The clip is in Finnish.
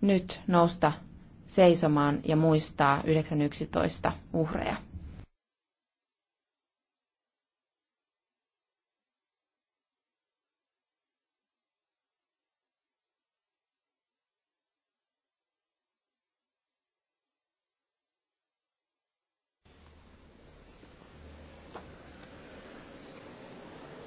nyt nousta seisomaan ja muistaa 911 uhreja.